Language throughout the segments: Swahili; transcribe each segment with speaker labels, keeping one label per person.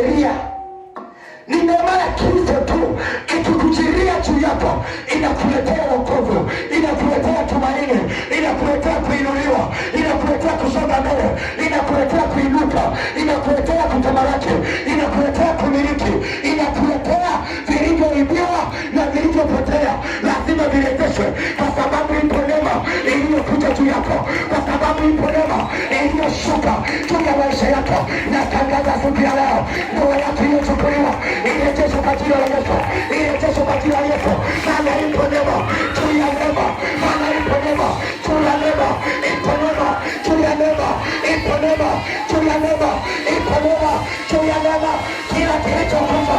Speaker 1: sheria. Ni ndio maana Kristo tu ikikujiria juu yako inakuletea wokovu, inakuletea tumaini, inakuletea kuinuliwa, inakuletea kusonga mbele, inakuletea kuinuka, inakuletea kutamalaki, inakuletea yako. Natangaza siku ya leo ndoa yako iliyochukuliwa irejeshwe kwa jina la Yesu, irejeshwe kwa jina la Yesu. Maana ipo neema juu ya neema, maana ipo neema juu ya neema, ipo neema juu ya neema, ipo neema juu ya neema, ipo neema juu ya neema. Kila kilichokufa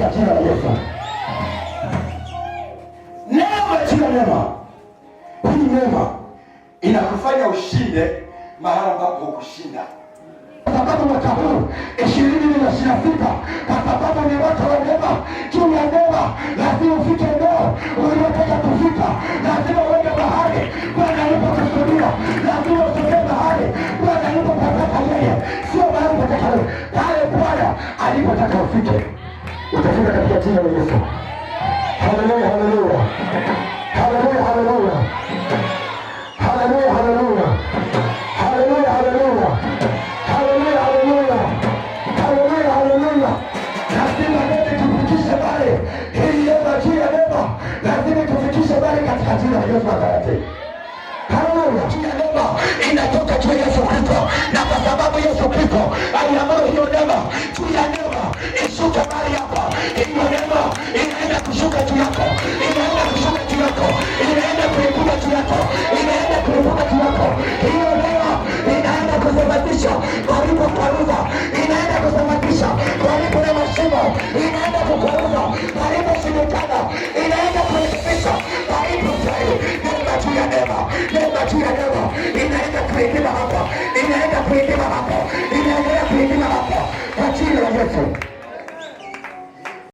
Speaker 1: ya jina la Yesu. Neema jina neema, hii neema inakufanya ushinde mahali ambapo hukushinda kwa sababu mwaka huu ishirini na ishirini kwa sababu ni mwaka wa neema. Juu ya neema lazima ufike eneo uliotaka kufika, lazima uende mahali Bwana alipokusudia, lazima usogee mahali Bwana alipopataka yeye, sio mahali pataka pale Bwana alipotaka ufike kutoka katika jina la Yesu. Haleluya, haleluya, haleluya, haleluya, haleluya, haleluya, haleluya, haleluya, haleluya, haleluya, haleluya, haleluya. Lazima nene tufikishe bale Hii ndio juu ya lema, lazima tufikishe bale katika jina la Yesu Nazareti. Haleluya, Jina ya lema inatoka kwa Yesu Kristo, na kwa sababu Yesu Kristo aliamuru hiyo lema juu ya hiyo leo inaenda kusababisha karibu kuuza, inaenda kusababisha karibu na mashimo, inaenda kukuuza karibu shindikana, inaenda kurekebisha karibu sai. Neema juu ya neema, neema juu ya neema, inaenda kuingiza hapo, inaenda kuingiza hapo, inaendelea kuingiza hapo kwa jina la Yesu.